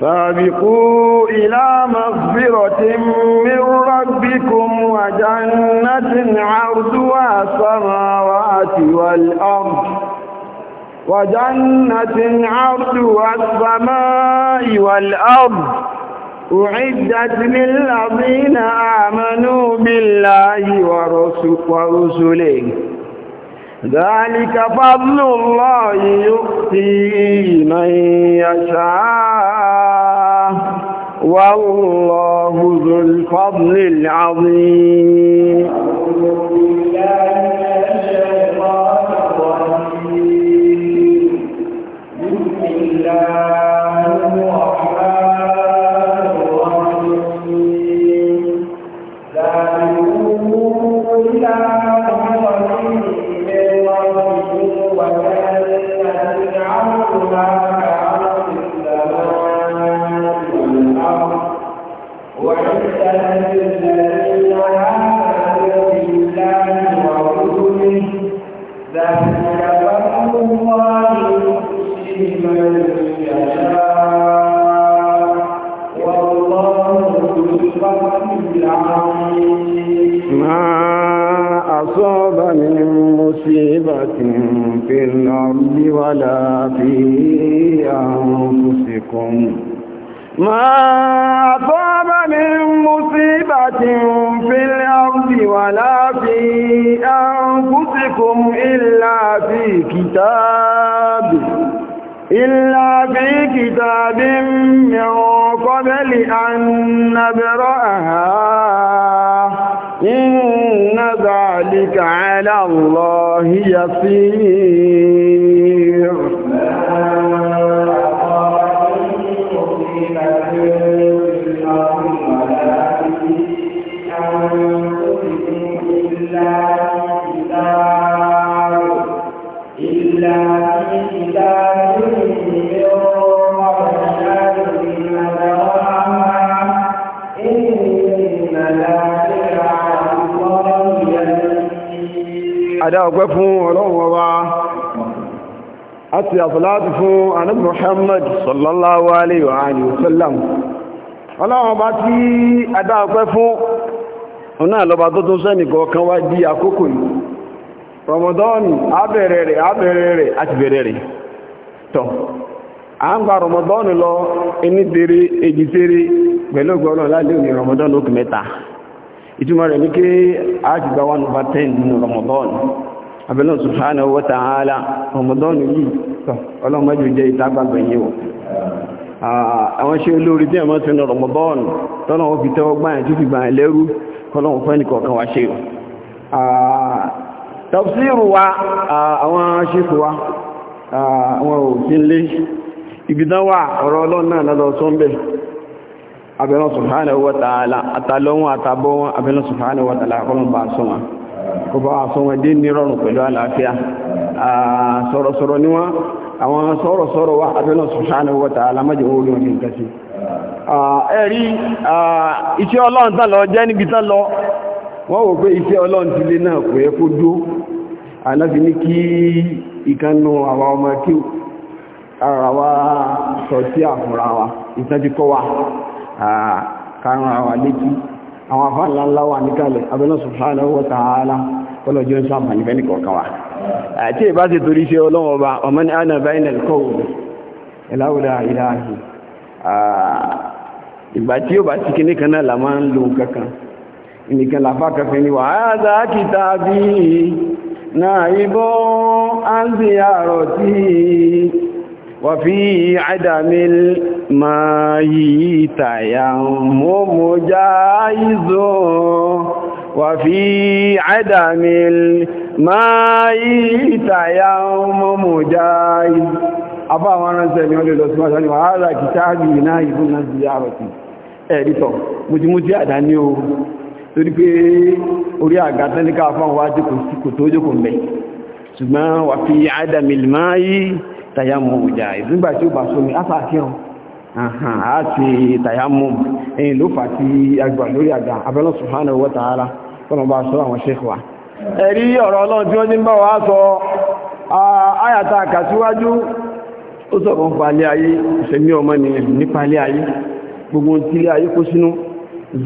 سابقوا إلى مغفرة من ربكم وجنة عرضها السماوات والأرض وجنة عرضها السماء والأرض أعدت للذين آمنوا بالله ورسله ذلك فضل الله يؤتيه من يشاء والله ذو الفضل العظيم هي فيه àdá ọgbẹ́ fún ọlọ́run ọba àti àfọláàtì fún anábì Muhammad sallallahu alayhi wa sallam ọlọ́run ọba tí àdá ọgbẹ́ fún ọ̀nà àlọ́ba tó tó sẹ́nìkọ̀ kan wá di àkókò yìí rọmọdọ́ọ̀nì àbẹ̀rẹ̀ rẹ̀ àbẹ̀rẹ̀ rẹ̀ àti bẹ̀rẹ̀ rẹ̀ tọ́ a ń gba rọmọdọ́ọ̀nì lọ enítere èjìtere pẹ̀lú ọgbọ̀nà láti òní rọmọdọ́ọ̀nì ó mẹ́ta ìtumọ̀ rẹ̀ ní kí a ti gba 1 over 10 nínú rọmọdọ́ọ̀nì abẹ́lọ́ subhanahu wa ta'ala ọmọdọ́nù yìí tọ́ ọlọ́mọdé jẹ́ ìtagbàgbẹ̀ yìí wọ̀ àwọn ṣe olórí tí ẹ̀mọ́ ti nọ̀rọ̀ mọ́bọ́ọ̀nù tọ́nà ó fi tẹ́wọ́ gbáyẹ̀ tó fi gbáyẹ̀ lẹ́rú kọ́lọ́wọ́ fẹ́ nìkọ̀ọ̀kan wá ṣe kó bá aṣọ wọn dé ní rọrùn pẹ̀lú àlàáfíà sọ̀rọ̀sọ̀rọ̀ ni wọ́n àwọn sọ̀rọ̀sọ̀rọ̀ wà àbẹ́nà subhanahu wa ta'ala alámọ́jẹ̀ owó ló ní nǹkan sí ẹ̀rí iṣẹ́ ọlọ́run tán lọ jẹ́ níbi tán lọ wọ́n wò pé iṣẹ́ ọlọ́run ti lé náà kò yẹ kó dó ànáfi ní kí ìkanu àwa ọmọ kí ara wa sọ sí àfúnra wa ìtàn ti kọ́ wa karùn-ún àwa létí àwọn afáàlá ńlá wà níkàlẹ̀ abẹ́lẹ̀ subhanahu wa ta'ala ọlọ́jọ́ ń sáàmà nífẹ́ ní kọ̀ọ̀kan wa àti ìbá ti torí ṣe ọlọ́wọ́ ọba ọmọ ní àná báyìí kọ́wù ìlàwùdá ìlàhì ìgbà tí ó bá ti nìkan làfá kankan ni wà á dá bí náà ibọ́ á ń tí wà fi àdàmìlì مايت يوم جائز وفي عدم المايت يوم مجائز أبا وانا سمي ولي الأسماء ثاني وهذا كتابي نائب زيارتي ẹ̀rí tọ̀ mùtímútí àdáni o torí pé orí àgàtán ní káà fún àwájú kò sí kò tó jókòó mẹ́ ṣùgbọ́n wà fi àdàmìlì máa yí tàyàmù òjà ìdúgbà tí ó sómi àti tayammum èyìn ló fà tí agbà lórí àgbà abẹ́lọ́ subhanahu wa ta'ala tọ́nà bá sọ àwọn sheikh wa ẹ̀rí ọ̀rọ̀ ọlọ́run tí ó bá sọ ayata àkàtíwájú ó sọ̀rọ̀ ń palẹ̀ ayé ìṣẹ́mí ọmọ ní palẹ̀ ayé gbogbo tí ayé kó sínú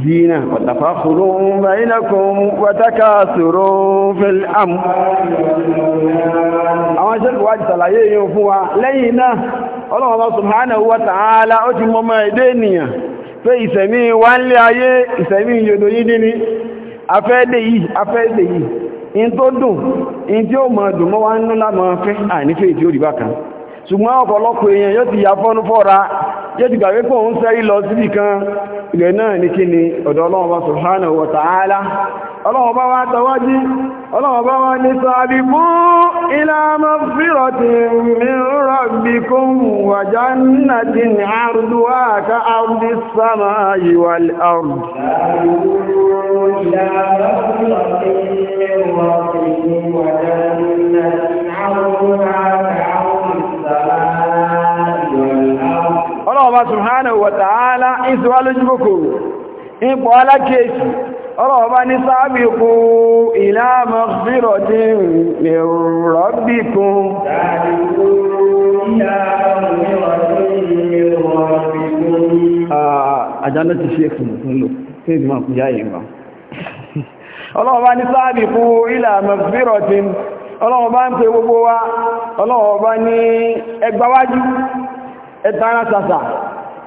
zina wàtàfàkùrù bainakum wàtàkàsùrù fil amwal àwọn sheikh Allah subhanahu wa ta'ala ó ti mọ́mọ́ èdè ènìyàn pé ìsẹ̀mí wá ń lé ayé ìsẹ̀mí yòdó yí dín ní afẹ́dẹ̀ yìí afẹ́dẹ̀ yìí in tó dùn in tí ó mọ̀ dùn mọ́ wá ń nú lámọ́ fẹ́ àìnífẹ́ ìtí ó rí bákan ṣùgbọ́n ọ̀pọ̀lọpọ̀ èèyàn yóò ti yà fọ́nú fọ́ra yóò ti gbàgbé sẹ́rí lọ síbì kan ilẹ̀ náà ní kí ni ọ̀dọ̀ ọlọ́run bá subhanahu wa wá tọwájí wá ní ila magfiratin Allah subhanahu wa ta'ala isi wá lójú kòkòrò ipò alákèèsì ọ̀rọ̀ ọba ní sáàbìkú ila maghfiratin min rabbikum àjálẹ́ ti ṣe fún òfin lò tí ìgbìmọ̀ kú yá ìgbà ọlọ́ọ̀bá ní sáàbìkú ila maghfiratin ọlọ́ọ̀bá ń pè gbogbo wa ọlọ́ọ̀bá ní ẹgbàwájú ẹ̀tàrà sàsà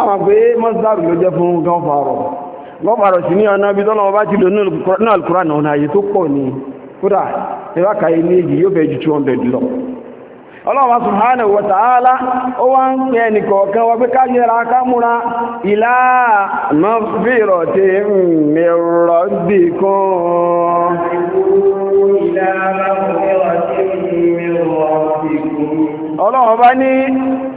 àwọn pé mọ́sílárù ló jẹ́ fún gọ́fàrọ̀ gọ́fàrọ̀ sí ní ọ̀nà bí tọ́lọ́wọ́ bá ti lò náà kúrà náà ààyè tó pọ̀ ní kódà ìwákàáyé ní èyí yóò fẹ́ ju 200 lọ Allah wa nke ó wá ń pẹ nìkọ̀ọ̀kan wọ́n pé ká yẹra ila bá ní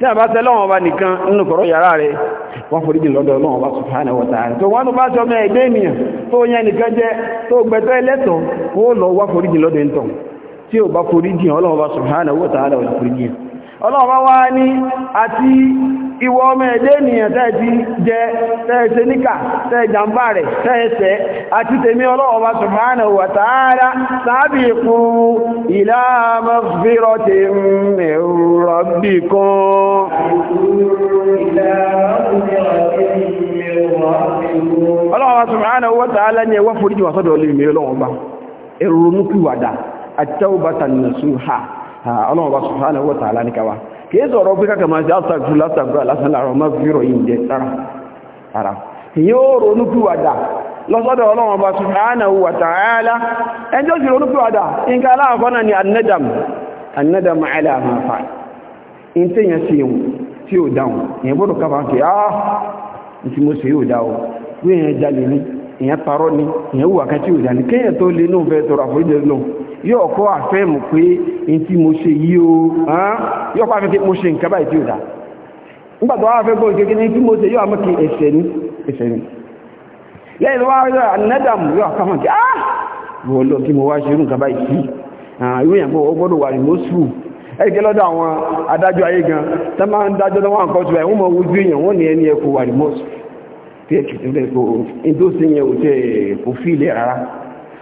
tí a bá tẹ́ lọ́wọ́ bá nìkan nínú kọ̀rọ̀ yàrá rẹ̀ wọ́n forí jìn lọ́wọ́ bá subhanahu wa ta'ala tó wọ́n bá sọmọ ẹgbẹ́ ènìyàn tó yẹn nìkan jẹ́ tó gbẹ̀tọ́ ẹlẹ́tọ̀ ó lọ wá forí jìn ẹ̀ntọ̀ tí ò bá forí jìn bá subhanahu wa ta'ala wọ́n forí jìn ọlọ́ọ̀bá wá ní àti ìwọ ọmọ ẹ̀dẹ́ ènìyàn tẹ́ẹ̀tí jẹ tẹ́ẹ̀ṣe níkà tẹ́ẹ̀jàmbá rẹ̀ tẹ́ẹ̀ṣẹ́ àti tèmi ọlọ́ọ̀bá subhanahu wa ta'ala sabiqu ila maghfiratin min rabbikum ọlọ́ọ̀bá subhanahu wa ta'ala ní ẹwà foríjì wà sọ́dọ̀ olè ọlọ́run bá subhanahu wa ta'ala ní káwà kìí sọ̀rọ̀ pé kàkà máa ṣe àtàkùn látàkùn lásán láàrọ̀ máa fi rọ̀ yìí jẹ tara ìyẹn ó ronú pìwàdà lọ́sọ́dọ̀ ọlọ́run bá subhanahu wa ta'ala ẹjọ́ sì ronú pìwàdà nǹkan aláàkọ́ náà ni anadam anadam ala ma fa'al in tí yẹn sí ìwọ̀n tí ó dáhùn ìyẹn gbọ́dọ̀ kábà kì á tí mo sì yóò dá o bí ìyẹn jalè ní ìyẹn parọ́ ní ìyẹn wùwà kan tí ó dá ní kéèyàn tó lé náà fẹ́ tọrọ àforíjẹ náà yóò kọ́ àfẹ́mù pé n tí mo ṣe yí o yóò kọ́ àfẹ́ pé mo ṣe nǹkan báyìí tí ó dá nígbà tó wá fẹ́ gbọ́ ìkékeré ní tí mo ṣe yóò àmọ́kì ẹ̀ṣẹ̀ ní ẹ̀ṣẹ̀ ní lẹ́yìn wá rí anádàmù yóò àkàmọ̀ kí á wọ́n lọ kí mo wá ṣe irú nǹkan báyìí sí irú yẹn bọ́ gbọ́dọ̀ wà ní mọ́sùlù ẹgbẹ́ lọ́dọ̀ àwọn adájọ́ ayé gan tẹ́ máa ń dájọ́ lọ́wọ́ nǹkan tó báyìí wọ́n mọ ojú èèyàn wọ́n ní ẹni ẹ̀kọ́ wà ní mọ́sùlù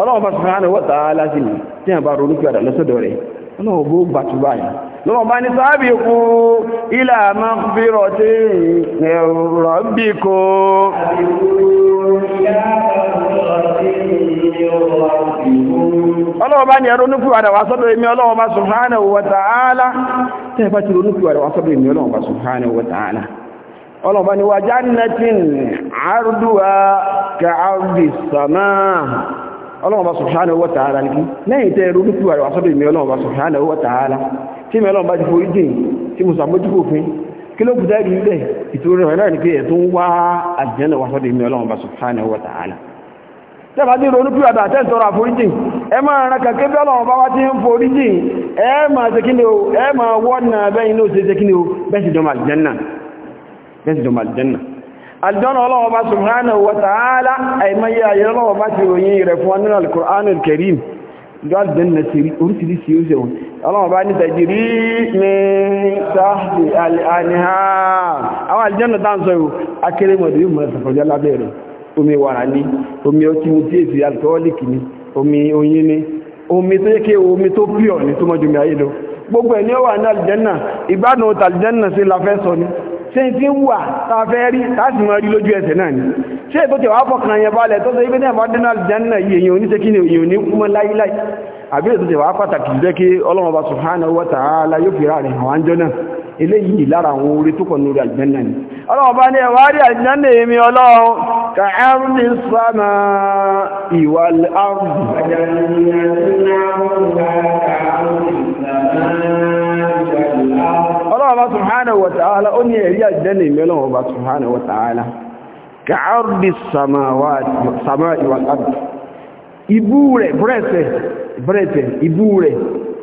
ọlọ́run bá sọ̀rọ̀ wọ́n tàá lásìmì tí a bá ronú kí ọ̀dà lọ́sọ̀dọ̀ rẹ̀ ọlọ́run bó bá túbá yìí lọ́wọ́n bá ní sáàbì kú ilẹ̀ àmà bírọ̀ ẹ̀rọ ní kúwàdà sọ́dọ̀ èmi ọlọ́wọ́n bá subhanahu wa ta'ala tẹ́ bá ti ronú kúwàdà wá sọ́dọ̀ èmi ọlọ́wọ́n bá subhanahu wa ta'ala ọlọ́wọ́n bá ní wa jannatin arduha ka'ardi ọlọ́run bá subhanahu wa ta'ala ní lẹ́yìn tẹ́ ronú pí wà sọ́dọ̀ ìmẹ́ ọlọ́run bá subhanahu wa ta'ala tí ìmẹ́ ọlọ́run bá ti forí jìn tí mo sàmójúkò fún kí ló kù dáàrí ilẹ̀ ìtòrí rẹ̀ náà ní pé ẹ̀tún wá àjẹ́nà wà sọ́dọ̀ ìmẹ́ ọlọ́run bá subhanahu wa ta'ala tẹ́bà dé ronú pí aljọ́nà ọlọ́wọ́ bá subhanahu wa ta'ala àìmáyé ayé ọlọ́wọ́ bá ti ròyìn rẹ̀ fún wa nínú al-Qur'an al-Karim jọ́dún na orísìírísì oúnjẹ wọn ọlọ́wọ́ bá ní tàjírí ní sáàdì àníhà àwọn aljọ́nà tán sọ yóò akéré mọ̀dé yóò mọ̀ sàfọ́jọ́ lábẹ́rẹ̀ omi wàrà ní omi ọtí ṣe ń wà tá a fẹ́ rí láti mọ rí lójú ẹsẹ̀ náà ni ṣé ètò tí wàá fọkàn yẹn balẹ̀ tó sọ ibi náà bá dínà àlùjánnà yìí èyàn oníṣẹ́ kí ni èyàn ní kúmọ́ láíláí àbí ètò tí wàá pàtàkì jẹ́ kí Ọlọ́run bá subhanahu wa ta'ala yóò fi ráàrin àwọn àjọ náà eléyìí lára àwọn orí tó kọ̀ lórí àlùjánnà ni Ọlọ́run bá ní ẹ̀wà rí Allah subhanahu wa ta'ala ó ní ẹ̀rí àjẹ́lẹ̀ ìmẹ́lọ̀ ọba subhanahu wa ta'ala ka'ardi samawati wal ard ibú rẹ̀ bẹ̀rẹ̀tẹ̀ ibú rẹ̀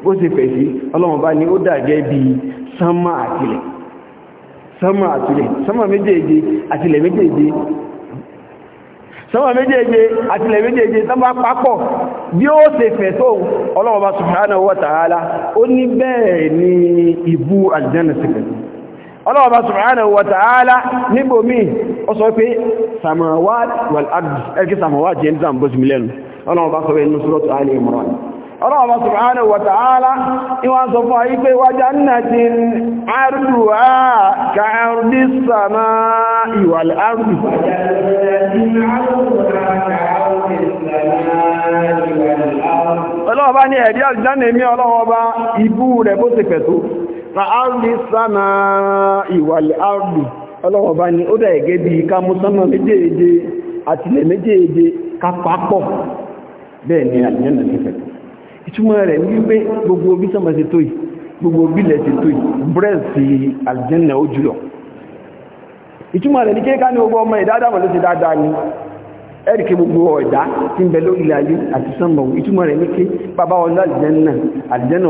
bó ṣe fẹ̀ sí ọlọ́mọba ni ó dàgẹ́ bí sánmà àtìlẹ̀ sánmà àtìlẹ̀ sánmà méjèèjì àtìlẹ̀ méjèèjì sọ́wọ́ méjèèje àtìlẹ̀ méjèèje tọ́bá pápọ̀ bí ó ṣe fẹ̀ tó ọlọ́wọ́ba subhanahu wa ta'ala ó ní bẹ́ẹ̀ ni ìbú aljanna sí pẹ̀lú ọlọ́wọ́ba subhanahu wa ta'ala níbò míì ó sọ pé samawat wal ard ọlọ́ọ̀bá subhanahu wa ta'ala ìwọ́n sọ fún ayé pé wa jannatin arduha ka ardis samaa'i wal ardi ọlọ́ọ̀bá ní ẹ̀rí àjánà èmí ọlọ́ọ̀bá ibú rẹ̀ bó ti pẹ̀tó ka ardis samaa'i wal ardi ọlọ́ọ̀bá ní ó ìtumọ̀ rẹ̀ ní wípé gbogbo bí sọmọ ti tó yìí gbogbo bílẹ̀ ti tó yìí brẹ́ẹ̀sì aljanna ó jùlọ ìtumọ̀ rẹ̀ ní kéèká ní ogbó ọmọ ìdá dámọ̀ ló ti dáadáa ni ẹ́rìkẹ́ gbogbo ọ̀dá tí ń bẹ lórí ayé àti sọmọ ìtumọ̀ rẹ̀ ní kí bàbá wọn aljanna aljanna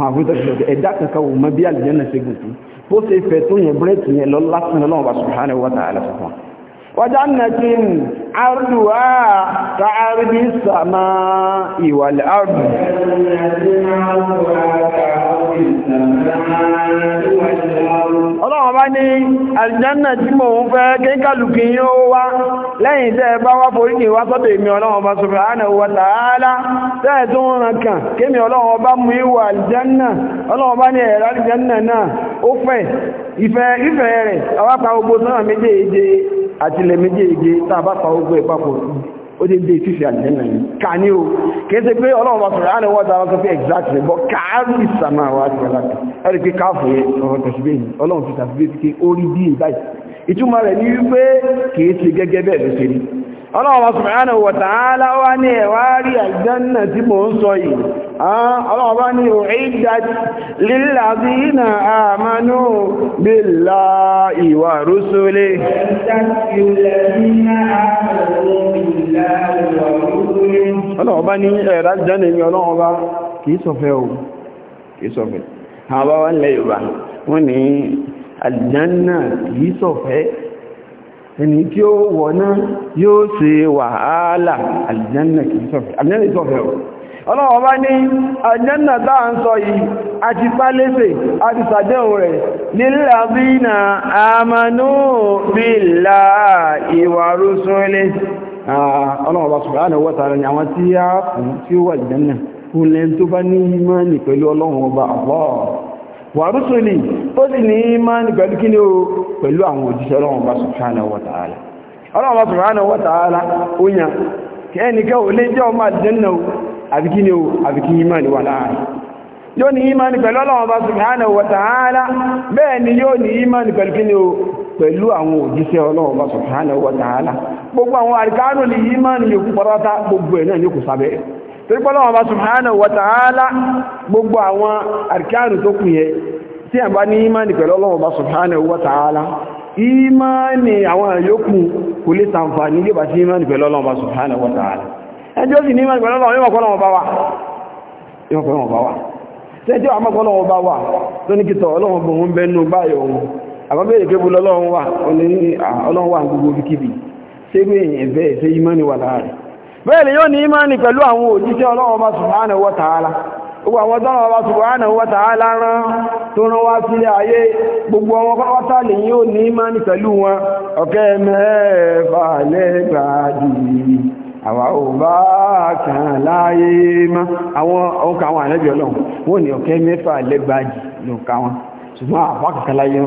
àwọn àbúrò ẹ̀dá kankan wò mọ́ bí àlùjànnà ṣe gùn fún bó ṣe fẹ̀ tó yẹn búrẹ́kì yẹn lọ lásán lọ́wọ́ bá subhanahu wa ta'ala fún wa. wàjà nàkín arduwa ka ardi sama ìwàl ardu ọlọ́wọ́n bá ní aljanna tí mò ń fẹ́ kí kálùkì yóò wá lẹ́yìn tẹ́ bá wá forí ní wá sọ́tọ̀ èmi ọlọ́wọ́n bá subhanahu wa ta'ala tẹ́ tó ń ràn kàn kí mi ọlọ́wọ́n bá mú ìwà aljanna ọlọ́wọ́n bá ní ẹ̀rọ aljanna náà ó fẹ́ ìfẹ́ rẹ̀ àwápa ogbó gbogbo ìpapọ̀ ó dé dé ìtìsí àjẹ́nà yìí ká ní o kéèsè pé ọlọ́run ọ̀sọ̀rọ̀ àánú wọ́n dára sọ pé exactly but káàrí ìsàmà àwọn àti ọ̀lá ẹ̀rí pé káàfù ọ̀rọ̀ tẹ̀síbẹ̀ yìí ọlọ́run ti tàbí pé ó rí bí ìbáyìí ìtumọ̀ rẹ̀ ní wípé kìí ti gẹ́gẹ́ bẹ́ẹ̀ ló ṣe rí Allah subhanahu wa ta'ala wá ní ẹ̀wà rí aljanna tí mò ń sọ yìí Allah bá ní u'iddat lillazina amanu billahi wa rusulihi Allah kìí sọfẹ́ o àlìjánà kìí sọ̀fẹ́ ẹni tí ó wọ̀ náà yóò ṣe wàhálà àlìjánà kìí sọ̀fẹ́ àlìjánà kìí sọ̀fẹ́ ọlọ́wọ́ bá ní àlìjánà táà ń sọ yìí a ti pálẹ́sẹ̀ a ti sàdẹ́hùn rẹ̀ lílàbínà àmànú billahi wa rusulihi ọlọ́wọ́ bá subhanahu wa ta'ala ni àwọn tí a kùn pẹ̀lú ọlọ́wọ́ bá Allah wàrúsùlì ó sì ní ìmáni pẹ̀lú kí o pẹ̀lú àwọn òjíṣẹ́ ọlọ́run bá subhanahu a ta'ala ọlọ́run bá subhanahu wa ta'ala na pẹ̀lú ta'ala ni o àwọn òjíṣẹ́ ọlọ́run bá subhanahu wa ta'ala gbogbo àwọn àríkánù ní gbogbo ẹ̀ náà yóò kù torí pé Ọlọ́hun Ọba subhanahu wa ta'ala gbogbo àwọn àríkáàrù tó kù yẹ tí a bá ní ìmáni pẹ̀lú Ọlọ́hun Ọba subhanahu wa ta'ala ìmáni àwọn àyókù kò lè sàǹfàní lè bá sí ìmáni pẹ̀lú Ọlọ́hun Ọba subhanahu wa ta'ala ẹjọ́ sì ní ìmáni pẹ̀lú Ọlọ́hun wà gbogbo kíkìbì ṣe gbé èyàn ẹ̀fẹ́ ìfẹ́ ìmáni wà láàrin bẹ́ẹ̀ ni yóò ní ìmáni pẹ̀lú àwọn òjíṣẹ́ ọlọ́wọ́ bá subhanahu wa ta'ala gbogbo àwọn tọ́lọ́wọ́ bá subhanahu rán ayé gbogbo àwọn pátá lè yóò ní ìmáni pẹ̀lú wọn ọ̀kẹ́ mẹ́fà lẹ́gbàájì àwa ò bá kàn láyé mọ́ àwọn ọkà àwọn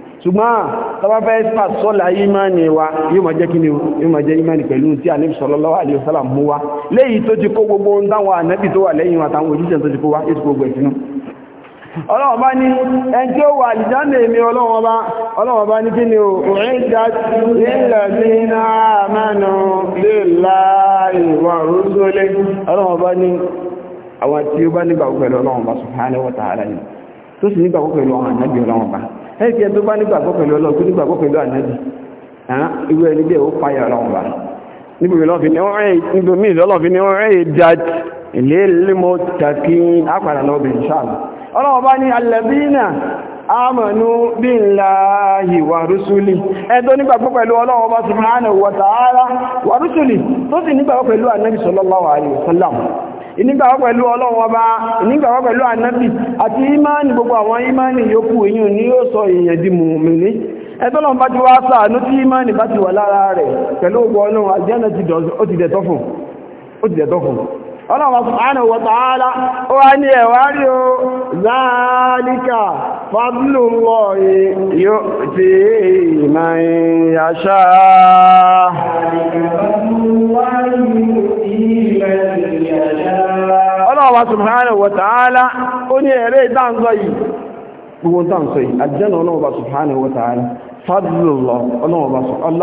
ṣùgbọ́n tọba fẹ́ sọla ìmáni wa yóò máa jẹ́ kí ni yóò máa jẹ́ ìmáni pẹ̀lú tí Ànábì sallallahu wa tó ti gbogbo ohun táwọn ànábì tó wà lẹ́yìn àtàwọn òjíṣẹ́ tó ti kó wá ètò gbogbo ẹ̀sìnú ọlọ́wọ́ bá ní wà ọlọ́wọ́ bá ní ni amanu billahi wa ọlọ́wọ́ bá ní àwọn tí ó bá pẹ̀lú ọlọ́wọ́ bá tó sì pẹ̀lú ọlọ́wọ́ bá ẹ̀sì ẹ̀tọ́ bá nígbàgbọ́ pẹ̀lú ọlọ́run tó nígbàgbọ́ pẹ̀lú ànábì irú ẹni bẹ́ẹ̀ ó fàyà ọlọ́run bá níbi ìlọ́fin ni wọ́n rẹ̀ dat ilé límọ̀ tàkí ọlọ́run bá ní nígbàgbọ́ pẹ̀lú ọlọ́run bá tó sì nígbàgbọ́ pẹ̀lú ìnígbàwọ́ pẹ̀lú ọlọ́run ọba ìnígbàwọ́ pẹ̀lú ànábì àti ìmáàni gbogbo àwọn ìmáàni yòókù èyí ni yóò sọ èèyàn di mùmìnì ẹtọ́lọ́n bá ti wá ṣàánú tí ìmáàni bá ti wà lára rẹ̀ pẹ̀lú ògbọ ọlọ́run àjẹ́nà ti dẹ̀tọ́ fún ọlọ́run subhanahu wa Allah subhanahu wa ta'ala ó ní ẹ̀rẹ́ ìdáǹsọ́ yìí gbogbo ìdáǹsọ́ yìí àjẹ́nà ọlọ́wọ́ba subhanahu wa ta'ala fadlullah ọlọ́wọ́ba subhanahu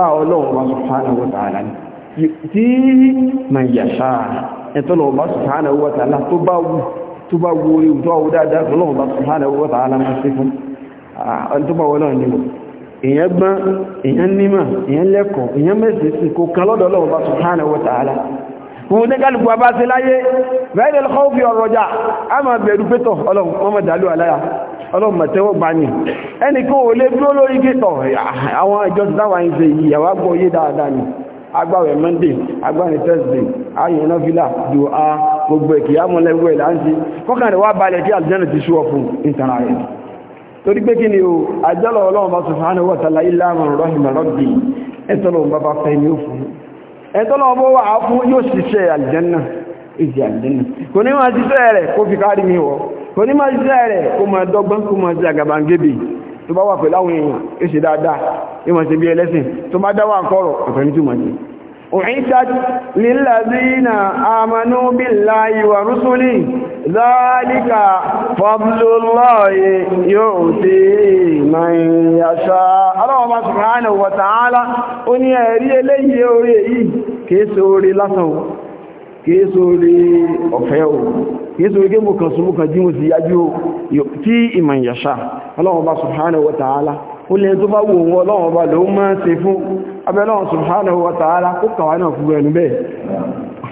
wa ta'ala tí man yasha ẹ̀tọ́lọ́wọ́ba subhanahu wa ta'ala tó bá wù tó bá wù orí ìjọ àwọ́ dáadáa ọlọ́wọ́ba subhanahu wa ta'ala máa ṣe fún ọlọ́wọ́ba subhanahu wa ta'ala òun ní kálukú bá ṣe láyé bẹ́ẹ̀dẹ̀ lọ́kọ́ fi ọ̀rọ̀ jà á máa bẹ̀rù pétọ̀ ọlọ́run wọ́n mọ̀ dàlú àláyà ọlọ́run mọ̀tẹ́wọ́ gbà ní ẹnì kan ò lè dúró lórí pétọ̀ a gbogbo ẹ̀kì amọ̀lẹ́gbẹ̀ láńsí kọ́kànlẹ̀ wá balẹ̀ tí aljanna ti ṣúwọ́ torí pé kí ni o àjọ́lọ̀ ọlọ́run bá subhanahu wa ta'ala illa man rahima rabbi ẹ̀tọ́lọ̀ bá bá fẹ́ ní ó fún ẹ̀tọ́lọ́wọ́ wà a fún yóò ṣiṣẹ́ àlìjẹ́nà ìdí àlìjẹ́nà kò ní máa ṣiṣẹ́ rẹ̀ kó fi kárí mi wọ́ kò ní máa ṣiṣẹ́ rẹ̀ kó máa dọ́gbọ́n kó máa ṣe àgàbàǹgébì tó bá wà pẹ̀láwọn èèyàn ṣe dáadáa ó أعدت للذين آمنوا بالله ورسله ذلك فضل الله يؤتيه من يشاء الله سبحانه وتعالى أن يري لي يوري كيسوري لسو كيسوري أفيو كيسوري كيمو كسمو كجيمو سياجو يؤتيه من يشاء الله سبحانه وتعالى ó lè tó bá wò wọn lọ́wọ́ bá ló máa ṣe fún abẹ́lọ́wọ́ subhanahu wa ta'ala kó kàwà náà fún ẹnu bẹ́ẹ̀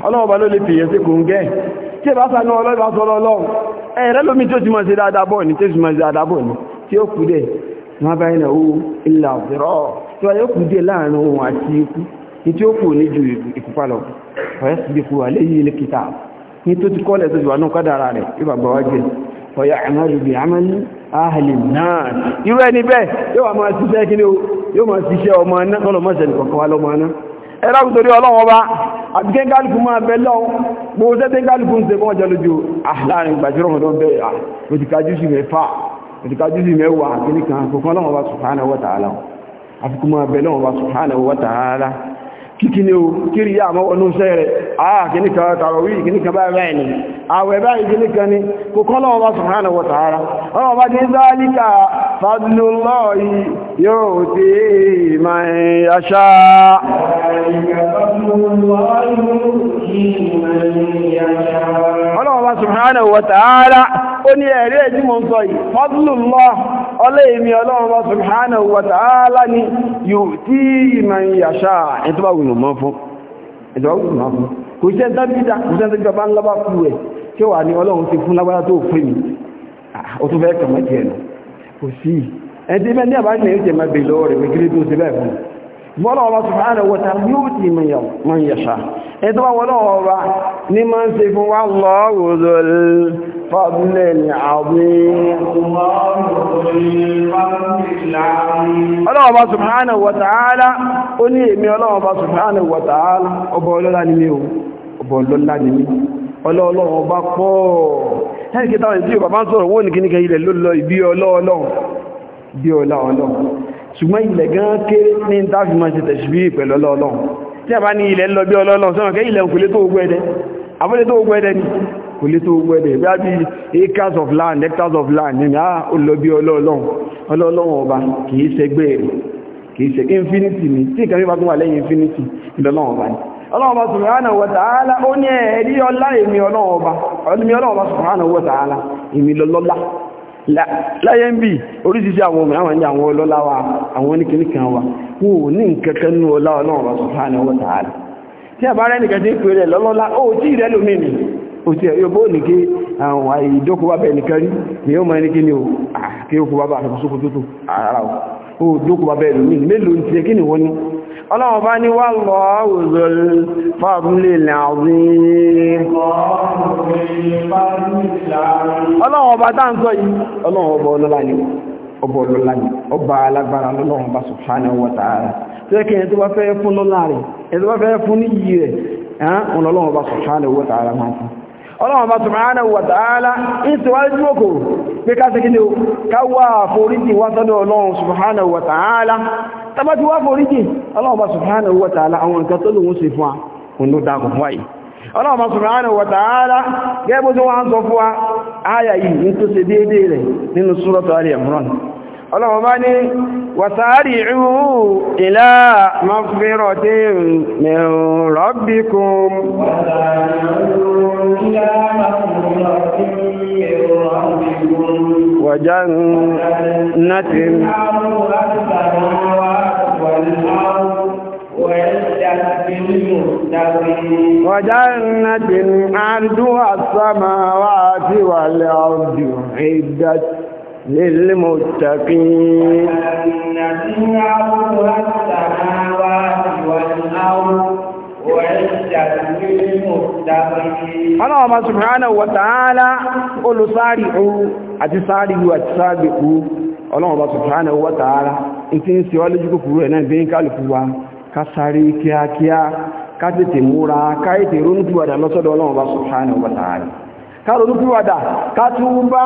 ọlọ́wọ́ bá ló lè fìyẹ sí kò ń gẹ́ tí ìbá sánú ọlọ́wọ́ sọ lọ́wọ́ ẹ̀rẹ́ lómi tí ó ti máa ṣe dáadáa bọ̀ ní tí ó ti máa ṣe dáadáa bọ̀ ní tí ó kù dẹ̀ ma báyìí ilà ọ̀fẹ́rọ̀ tí wáyé kù dẹ̀ láàrin kọ́lẹ̀ tó ti náà kádàrà rẹ̀ ìbàgbà wájú fọ̀yà àmàlù bí àmàlù ahàlì náà irú ẹni bẹ́ẹ̀ yóò máa ṣiṣẹ́ kí ni yóò máa ṣiṣẹ́ ọmọ aná kọ́lọ̀ mọ́sẹ̀ nìkọ̀kọ́ wá lọ́mọ aná ẹ̀rọ nítorí ọlọ́wọ́ bá àbíkẹ́ gálùkù máa bẹ lọ gbogbo sẹ́tẹ́ gálùkù ń ṣe fún ọjọ́ lójú ah, láàrin gbàjúrò ọ̀dọ́ bẹ́ẹ̀ òtìkájú sí mẹ́fà òtìkájú sí mẹ́wàá kìnnìkan kòkan ọlọ́wọ́ bá wa ta'ala àfikún máa kíkíní o kírí yá àmọ́ ọdún sẹ́ rẹ̀ àà kìní kan tàràwí kìní kan báyìí báyìí ni àwẹ̀ báyìí kìní ni kò kọ́ lọ́wọ́ bá subhanahu wa ta'ala ọlọ́wọ́ bá ní zálíkà fadlullahi yóò tí man yasha subhanahu wa ta'ala ó ní ẹ̀rẹ́ ẹ̀dí ọlẹ́ẹ̀mí ọlọ́run subhanahu wa ta'ala ni yóò tí ìmọ̀ ìyàṣà ìtọ́bàwùnmọ́ fún kò jẹ́ dábídá kò jẹ́ dábídá bá ń lọ́bá fún ẹ̀ tí ó wà ní ọlọ́run ti fún lágbára tó fún mi ah, ó tún fẹ́ fún bọ́lá ọba sùfàánà wọ́ta yóò tí mọ̀ yẹ̀ṣà ẹ̀tọ́ bá wọ́lá ọba ní ma ń ṣe fún wá lọ́rùlọ́ fọ́bílẹ̀ ní àwọn ọlọ́ọba sùfàánà wọ́tàálá ó ní èmi ọlọ́ọba sùfàánà wọ́tàálá ọba ọlọ́lá ni mí ọba ọlọ́lá ni mí ọlọ́ọba pọ̀ ẹ̀kẹ́ta ìdí ọba bá ń sọ̀rọ̀ wọ́n ní kíníkẹ́ ilẹ̀ lọ́lọ́ ìbí ọlọ́ọlọ́ ṣùgbọ́n ilẹ̀ gan kéré ní ìtàfimọ̀ ṣe tẹ̀ṣìbí pẹ̀lú ọlọ́ọ̀lọ́ tí a bá ní ilẹ̀ lọ bí ọlọ́ọ̀lọ́ sọ́nà kẹ́ ilẹ̀ kò lè tó ogbó ẹ̀dẹ́ àbọ́lẹ̀ tó ogbó ẹ̀dẹ́ ni kò lè tó ogbó ẹ̀dẹ́ bí a acres of land hectares of land ní àá ah, ó lọ bí ọlọ́ọ̀lọ́ ọlọ́ọ̀lọ́wọ̀n ọba kì infinity ni tí ìkàrí bá tún wà lẹ́yìn infinity ìlọ́lọ́wọ̀n ọba ni ọlọ́ọ̀bá subhanahu wa ta'ala lọ́lọ́lá láyé ń bí oríṣiríṣi àwọn ọmọ àwọn ìyàwó ọlọ́lá wa àwọn oníkìníkan wa wò ní nǹkankan ní ọlá ọlọ́run subhanahu wa ta'ala tí a bá rẹ̀ nìkan tí ń pè rẹ̀ lọ́lọ́lá ó tí rẹ̀ lómi ni ó ti ẹ̀yọ́ bó ní kí àwọn àìdókòwàbẹ̀ nìkan ni ó máa ní kí ni ó ah, kí ó kò bá bá àṣọ ọlọ́run bá ní wallahu dhul fadlil azim ọlọ́run ọba tá ń sọ yìí ọlọ́run ọba ọlọ́lá ni ọba ọlọ́lá ni ọba alágbára lọ́lọ́run bá subhanahu wa ta'ala tẹ́kẹ́ ẹni tó bá fẹ́ fún lọ́lá rẹ̀ ẹni tó bá fẹ́ fún níyì rẹ̀ ẹ̀hán ọlọ́run bá subhanahu wa ta'ala máa fún ọlọ́run bá subhanahu wa ta'ala ìsìwájú òkò pé kásìkílẹ̀ káwà foríjì wá sọ́dọ̀ ọlọ́run subhanahu wa ta'ala tàbátí wá foríjì ọlọ́run bá subhanahu wa ta'ala wa ọlọ́wọ́ bá ní wasari'u ila magfiratin min rabbikum wa jannatin وجنة عرضها السماوات والأرض عدت للمتقين الذين عرضها السماوات والأرض ọlọ́ọ̀bá subhanahu wa ta'ala olùsáàrìkú àti sáàrìkú àti sáàbìkú ọlọ́ọ̀bá subhanahu wa ta'ala ìtí ń se ọlójú kòkòrò ẹ̀ náà bí ń kálùkù wa ká sáré kíákíá ká tètè múra káròlú píwàdà kátúbá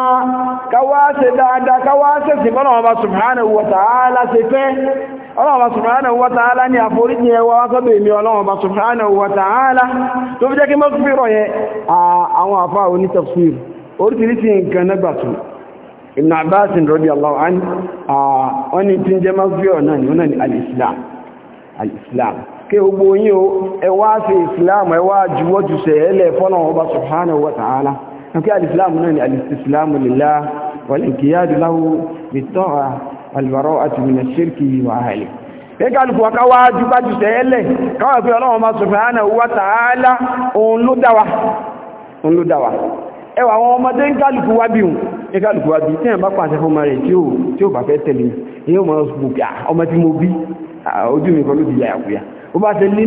káwáṣe dáadáa káwáṣe sí ọlọ́ọ̀bá subhanahu wa ta'ala ṣe fẹ́ ọlọ́ọ̀bá subhanahu wa ta'ala ní àforíjì ẹwà wákọ́bẹ̀ èmi ọlọ́ọ̀bá subhanahu wa ta'ala tó fi jẹ́ kí mọ́sùfírọ̀ yẹ àwọn àfáà al-islam al-islam kí gbogbo yín o ẹ wá ṣe islam ẹ wá juwọ́ jù sẹ́ẹ̀lẹ̀ fọ́nà ọba subhanahu wa nǹkan alìsìláàmù náà ni alìsìláàmù lillah wal-inqiyadu lahu bit-ta'a wal-bara'atu mina shirki wa ahli ẹgbàlùkù waka wá jùgbájú tẹ́ẹ̀lẹ̀ káwà pé ọlọ́run ma subhanahu wa ta'ala òun ló dáwà ẹwà àwọn ọmọdé ń gálùkù wá bí i bá pàṣẹ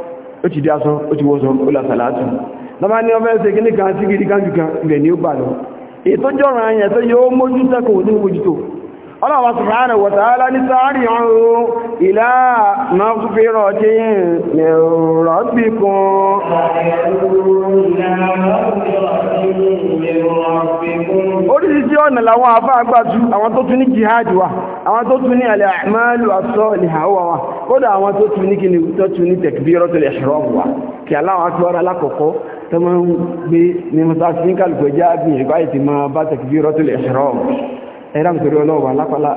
ó ti dásán ó ti wọ́sán ó la sàlátù lọ́mà ní ọmọ ẹsẹ̀ kí ní kan sí gidi kan jù kan ibẹ̀ ni ó bà lọ ètò jọ́rọ̀ ayẹ̀ tó yóò mójútó kò ní mójútó Allah subhanahu wa ta'ala ní sari'u ila maghfiratin min rabbikum oríṣiríṣi ọ̀nà làwọn àbá àgbàtú àwọn tó tún ní jihad wa àwọn tó tún ní al-a'malu as-salihah wa kódà àwọn tó tún ní kí ni tó tún ní takbiratul ihram wa kí aláwọ̀ akíwárá alákọ̀ọ́kọ́ ẹ̀rá nítorí ọlọ́wà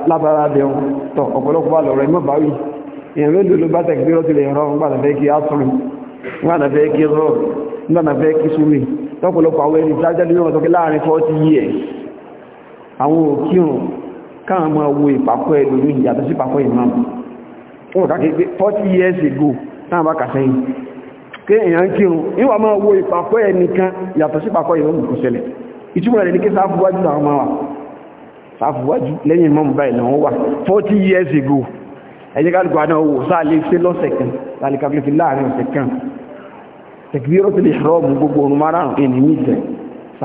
lábára bẹ̀rún tọ̀ ọ̀pọ̀lọpọ̀ bá lọ̀rọ̀ ẹmọ́ báwí èèyàn mélòó ló bá tẹ̀gbérọ́ ti lè rán gbàdàfẹ́ kí átùnrin gbàdàfẹ́ kí rọ̀ gbàdàfẹ́ kí súnmi tọ́pọ̀lọpọ̀ àwọn ẹni tájẹ́ lórí ọ̀tọ́kẹ́ láàrin 40 years àwọn òkírùn káà máa wo ìpàkọ́ ẹlòmí ìyàtọ̀ sí ìpàkọ́ ìmáà wọ́n kàkẹ́ pé 40 years ago náà bá kà sẹ́yìn kí èèyàn kírun níwà máa wo ìpàkọ́ ẹnìkan ìyàtọ̀ sí ìpàkọ́ ìmáà kò ṣẹlẹ̀ ìtumọ̀ rẹ̀ ní kí sáà fúwájú àwọn máa wà sáfùwájú lẹ́yìn mọ́mù báyìí náà wà 40 years ago ẹjẹ́ kálùkù àná owó sáàlé ṣe lọ́sẹ̀ kan láàrín kálùkù láàrín ọ̀sẹ̀ kan takbiratul ihram gbogbo orun márùn-ún ẹni ní ìjẹ sí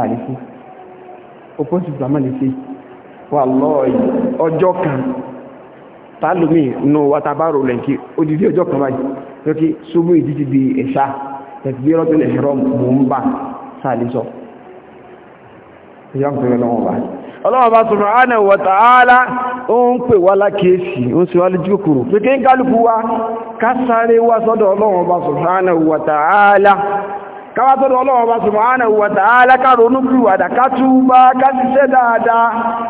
ìyá ń pẹ̀lú báyìí ọlọ́ọ̀bá subhanahu wa ta'ala ó ń pè wá lákèésì ó sì wá lójú kòrò pé kí ń kálùkù wá kásáré wá sọ́dọ̀ ọlọ́ọ̀bá subhanahu wa ta'ala káwá sọ́dọ̀ ọlọ́ọ̀bá subhanahu wa ta'ala káàrò onúkúrùwàdà ká túbá ká ṣiṣẹ́ dáadáa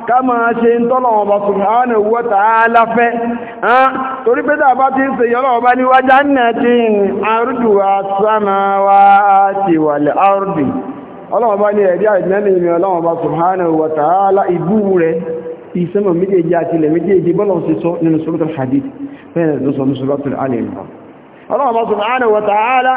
ká máa ṣe ń wa ta'ala fẹ́ torí pé tàbá ti ń sèyí ọlọ́ọ̀bá ní wa jannatin arduha as wal ardi ọlọ́wọ́ bá ní ẹ̀dí àìdínlẹ́lẹ̀ ìmì ọlọ́wọ́ bá subhanahu wa ta'ala ìbú rẹ̀ ìsẹ́mọ̀ méjèèjì àti ilẹ̀ méjèèjì bọ́lọ̀ sí sọ nínú suratul hadid bẹ́ẹ̀ ló sọ ní suratul alẹ́mọ̀ ọlọ́wọ́ bá subhanahu wa ta'ala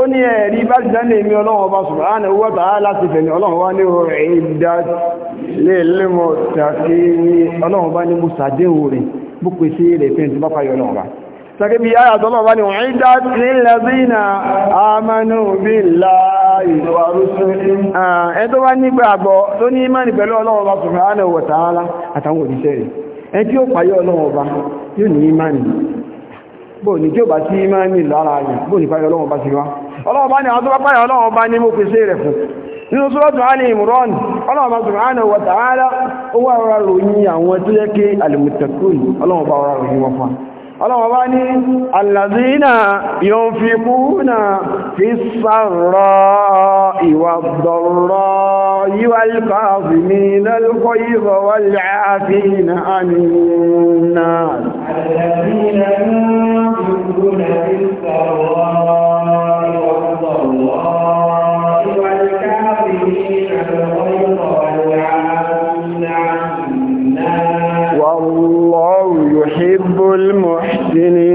ó ní ẹ̀rí bá jìdánlẹ̀ ìmì ọlọ́wọ́ bá subhanahu wa ta'ala ti fẹ̀ ní ọlọ́wọ́ sọ́kẹ́ bí yára tọ́lọ̀ bá ní wọ́n ń dá nílẹ̀zínà àmánú billahi wa rusulihi ẹni tó bá nígbàgbọ́ tó ní ìmánì pẹ̀lú Ọlọ́run subhanahu wa ta'ala àtàwọn òdíṣẹ́ rẹ̀ ẹni tí ó pàyẹ Ọlọ́run bá yóò ní ìmánì bó ní tí ó bá sí ìmánì lára rẹ̀ bó ní pàyẹ Ọlọ́run bá sí wá Ọlọ́run bá ní àwọn tó bá pàyẹ wa ta'ala ó wà rọrùn yí àwọn tó yẹ kí al-muttaqun Ọlọ́run bá rọrùn ọlọ́wọ́ bá ní alàzínà yóò fi kúrúnà fi sàrọ ìwà dọ̀rọ̀ yíwá ìkàfì ní lọ́lọ́kọ́ ìrọ̀ wà láàfí na àmìnà alàzínà yóò fi kúrúnà fi sàrọ ìwà dọ̀rọ̀ المحسنين